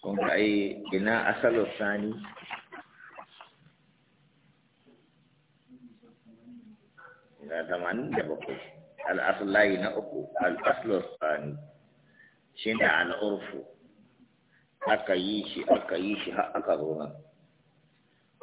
kun ga ai ina asalu sani ina zamanin da bakwai al'asulayi na uku al'aslu sani shi ne al'urfu aka yi shi aka yi shi har aka zo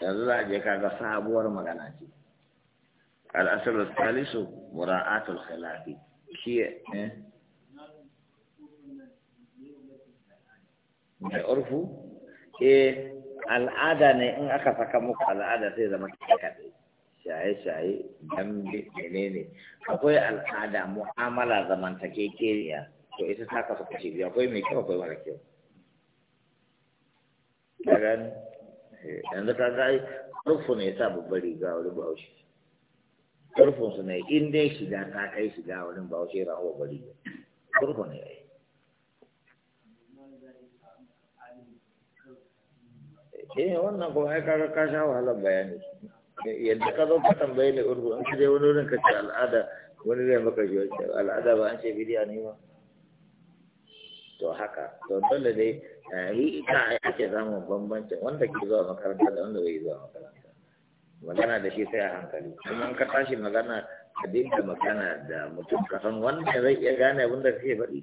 yanzu za a je kaga sabuwar magana ce al'asalu salisu mura'atul khilafi shi eh mai urfu eh al'ada ne in aka saka muku al'ada sai zama kakaɗe shaye-shaye dambe menene akwai al'ada mu'amala keriya to ita ta kafa kashi biyu akwai mai kyau akwai mara kyau eh, yanzu ta ga rufu ne sa babbar riga wani bahaushe rufunsu ne in dai shiga ta kai shiga wani bahaushe rahu babbar riga rufu ne ya yi eh wannan ko ai kaga ka sha wahalar bayani yadda ka zo ka tambaye ni urdu an ce wani wurin ka ce al'ada wani zai maka ji ce al'ada ba an ce bidiya ne ba to haka to dole dai yi eh, ita ake samun bambancin wanda ke zuwa makaranta da wanda bai zuwa makaranta magana da shi sai a hankali kuma an ka tashi magana ka dinka magana da mutum ka san wanda zai iya gane abin da kake faɗi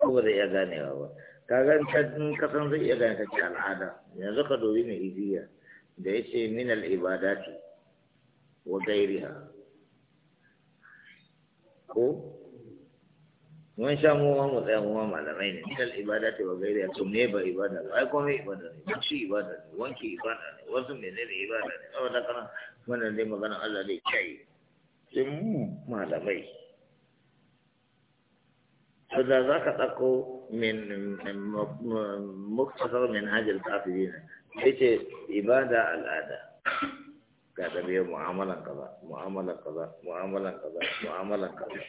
ko ba zai iya ganewa ba kaga in ka san zai iya ganin kake al'ada yanzu ka dobi mai ibiya da ya ce min al'ibadati wa gairiha ko mun sha mu ma mu tsaya mu ma malamai ne min al'ibadati wa gairiha to me ba ibada ba ai komai ibada ne shi ibada ne wanki ibada ne wasu ne ibada ne saboda kana wannan dai magana Allah dai kai sai mu malamai to da za ka ɗauko muktasar min hajjal kafiri ne sai ce ibada al'ada ga ɗabi'ar mu'amalan kaza mu'amalan kaza mu'amalan kaza mu'amalan kaza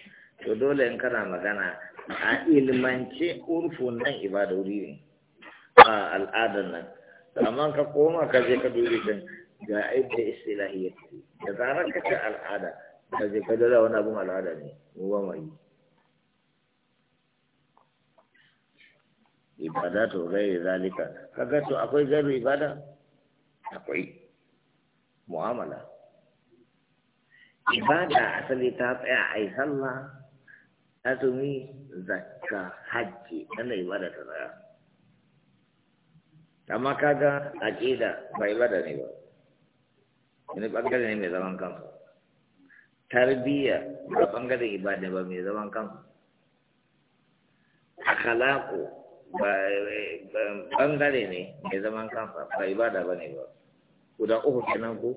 to dole in kana magana a ilmance urfu nan ibada wuri ne a al'adar nan amma ka koma ka je ka dubi can ga aiki istilahiyyar da zarar ka ce al'ada ka je ka dole wani abun al'ada ne mu ba mai ibadatu ghairi zalika kaga to akwai gairu ibada akwai mu'amala ibada asali ta tsaya a yi sallah azumi zakka hajji nan ibada ta tsaya amma kaga aqida ba ibada ne ba wani bangare ne mai zaman kansa tarbiyya ba bangaren ibada ba mai zaman kansa akhlaqu bangare ne mai zaman kansa ba ibada ba ne ba guda uku kenan ku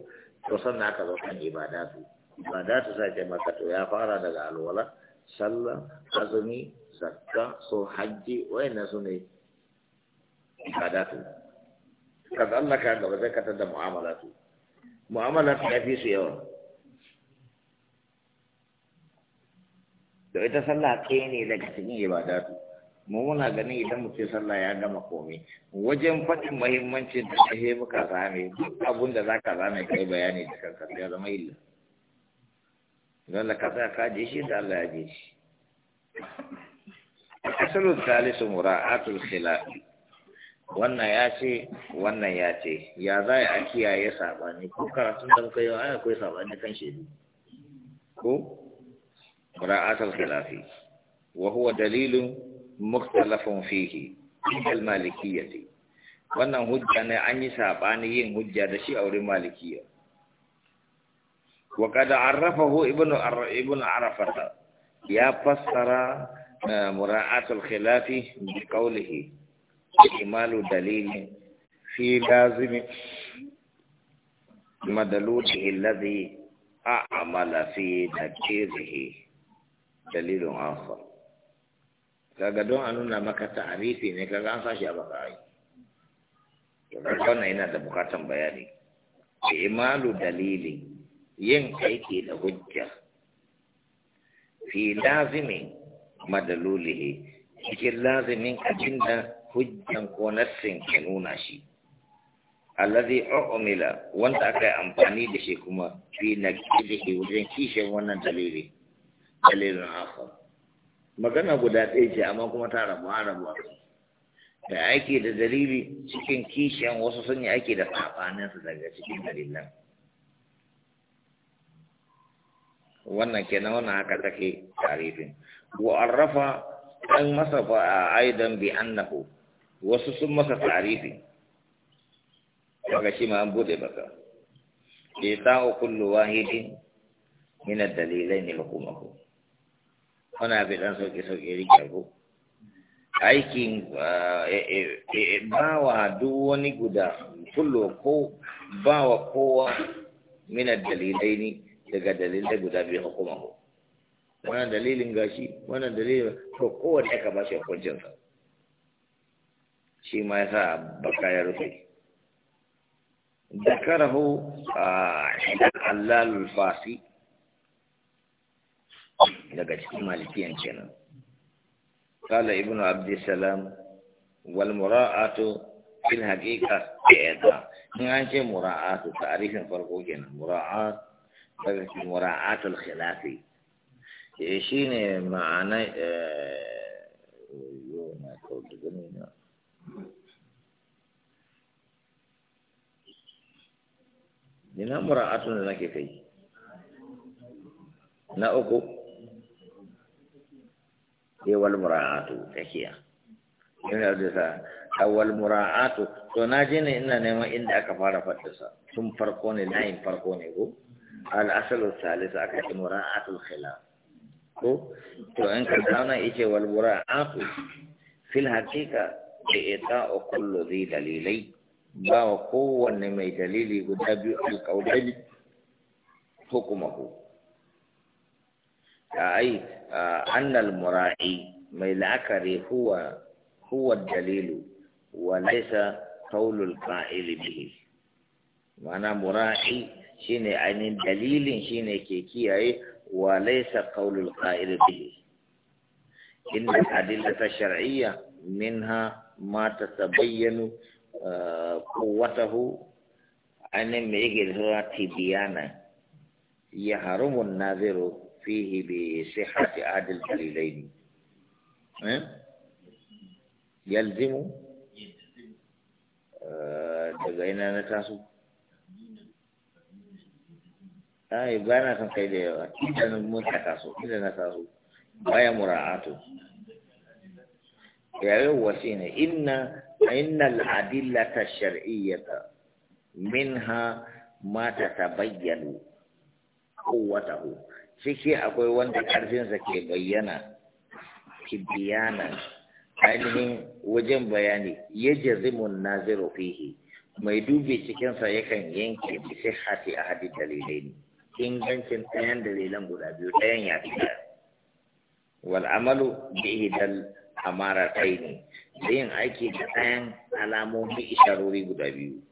to da aka zo kan ibadatu ibadatu sai ce maka to ya fara daga alwala sallah azumi zakka so hajji wayannan su ne ibadatu kaga Allah ka gaba zai katar da Mu'amala su ya fi su yawa da ita sallah ke ne daga cikin ibadatu mu muna ganin idan ce sallah ya gama komai wajen faɗin muhimmancin da ta muka zame duk abin da za ka zame yi bayani da kanka ya zama illa don da ka sa ka je shi da Allah ya je shi asalin salisu mura'atul khilafi wannan ya ce wannan ya ce ya za a kiyaye sabani ko karatun da muka yi wa akwai sabani kan shi ko mura'atul khilafi wa huwa dalilin مختلف فيه عند المالكية وانا هجة اني ساباني هجة دشي او المالكية وقد عرفه ابن ابن عرفة يا فسر آه، مراعاة الخلاف بقوله إكمال دليل في لازم مدلوله الذي أعمل في تكيره دليل آخر kaga don a nuna maka ta'arifi ne kaga an sashi a baka ai to wannan yana da bukatan bayani imalu dalili yin aiki da hujja fi lazimi madalulihi cikin lazimin abin da hujjan ko nassin ke nuna shi allazi umila wanda aka yi amfani da shi kuma fi naqidihi wajen kishin wannan dalili dalilin akhar magana guda ɗaya ce amma kuma ta rabu a rabu da ake da dalili cikin kishiyan wasu sun yi ake da saɓaninsu daga cikin dalilan wannan kenan wannan haka take tarifin wa arrafa an masa a aidan bi annahu wasu sun masa tarifi daga shi ma an bude baka isa kullu wahidin min ad-dalilain hukumahu wana bi dan sauki sauki rike ko aikin eh, eh, eh, bawa duk wani guda kullo ko bawa kowa mina dalilai ne daga dalilai guda biyu hukuma ko wannan dalilin gashi wannan dalilin to kowanne ka bashi hukuncin sa shi ma yasa baka ya rufe ذكره آه الحلال الفاسي daga cikin malikiyan kenan قال ابن عبد السلام والمراءة في الحقيقة إعطاء يعني مراءة تعريف فرقو كنا مراءة مراءة الخلاف شين معنى يوم أقول لنا مراءة لنا كيفي na uku wal mura'atu tsakiya Ina da sa awal mura'atu to na je ne ina neman inda aka fara sa tun farko ne layin farko ne ko asalu salisa aka ce al khilaf ko to in ka zauna ice wal mura'atu fil haqiqa bi o kullu zi dalilai ba wa kowanne mai dalili guda biyu alƙaudali hukumahu ai آه، أن المراعي ميلعكري هو هو الدليل وليس قول القائل به معنى مراعي شيني عين دليل شيني كيكي وليس قول القائل به إن الأدلة الشرعية منها ما تتبين آه، قوته عن ميجر تبيانا يحرم الناظر فيه بصحة أحد الدليلين يلزم تغينا نتاسو آه يبانا كم كيدا إذا نموت نتاسو إذا نتاسو بايا مراعاتو يا وسينة إن إن الأدلة الشرعية منها ما تتبين قوته ciki akwai wanda ƙarfinsa ke bayyana kibiyana ainihin wajen bayani ya jazimun naziru fihi mai dubi cikinsa yakan yanke bisa hati a hadi dalilai ne ingancin ɗayan dalilan guda biyu ɗayan ya fi ɗaya wal amalu bi ihdal amara ne da yin aiki da ɗayan alamomi isharori guda biyu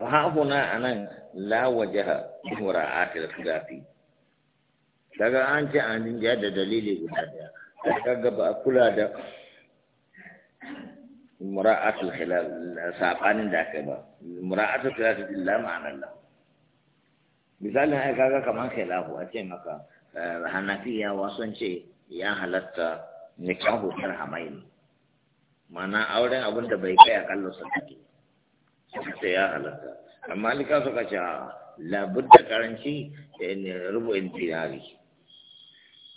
anan la wajaha وجه لمراعاة الخلاف daga an ce an ja da dalili guda daya da kaga ba a kula da mura'atu khilaf sabanin da kai ba mura'atul khilaf illa ma'anar la misali ai kaga kamar khilafu a ce maka hanafiya wasan ce ya halatta nikahu har hamaini mana auren abin da bai kai akalla sun take suka ya halatta amma lika suka ce labud da karanci rubu'in dinari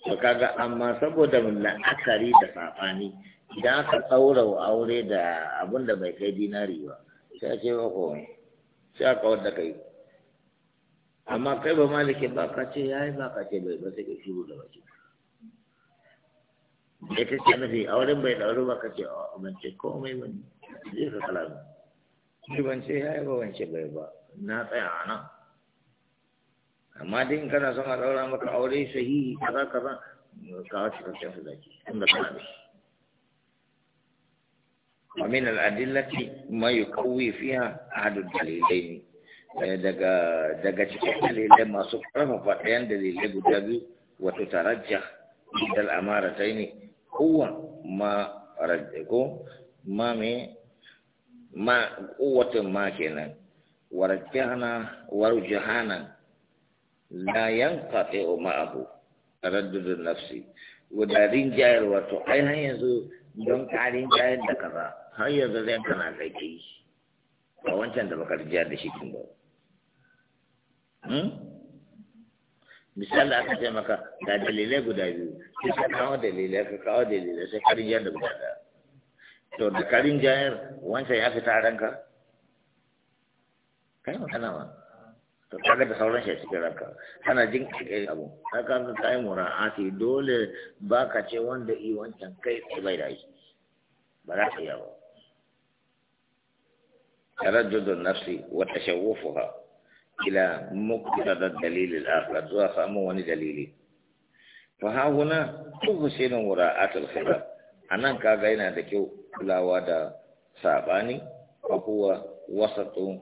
to kaga amma saboda la'akari da safani idan aka tsaura wa aure da abun da bai kai dinari ba sai a ce ba komai sai a kawar da kai amma kai ba maliki ba ka ce yayi ba ka ce bai ba sai ka shiru da baki da ce ce fi auren bai dauri ba ka ce a ce komai ba zai ka kalama. ban ce ya yi ba wance bai ba na tsaya a nan amma dai in kana son a ɗaura maka aure sahihi kaza kaza ka wace ka zaki, sadaki da kana da shi ومن الأدلة ما يقوي hadin dalilai ne. daga daga cikin dalilai masu ƙarfafa ɗayan dalilai guda biyu wato tarajja dal amara ta yi ne kowa ma ko ma mai ma kuwatin ma kenan warjahana warjahana la yanqati ma'ahu taraddudun nafsi gudarin jayar wato ai har yanzu don karin jayar da kaza har yanzu zai kana kai ke a wancan da baka jayar da shi kin ba hmm? misali aka ce maka ga dalilai guda biyu sai ka kawo dalilai ka kawo dalilai sai karin jayar da guda daya to da karin jayar wancan ya fita ranka kai magana ma to kaga da sauran shi cikin ranka ana jin kai abu haka ka kai mura'ati dole baka ce wanda i wancan kai tsaye bai da shi ba za ka yi ba تردد النفس وتشوفها إلى مقتضى الدليل الآخر وفهمه ولدليله فها هنا تحسن مراعاة kaga أنا da kyau. kulawa da saɓani a kuwa wasatun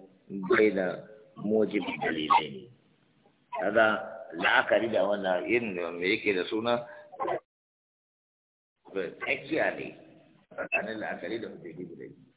baina mujibin dalilai ne kaga la'akari da wannan yin me yake da suna tsakiya ne tsakanin la'akari da hujjoji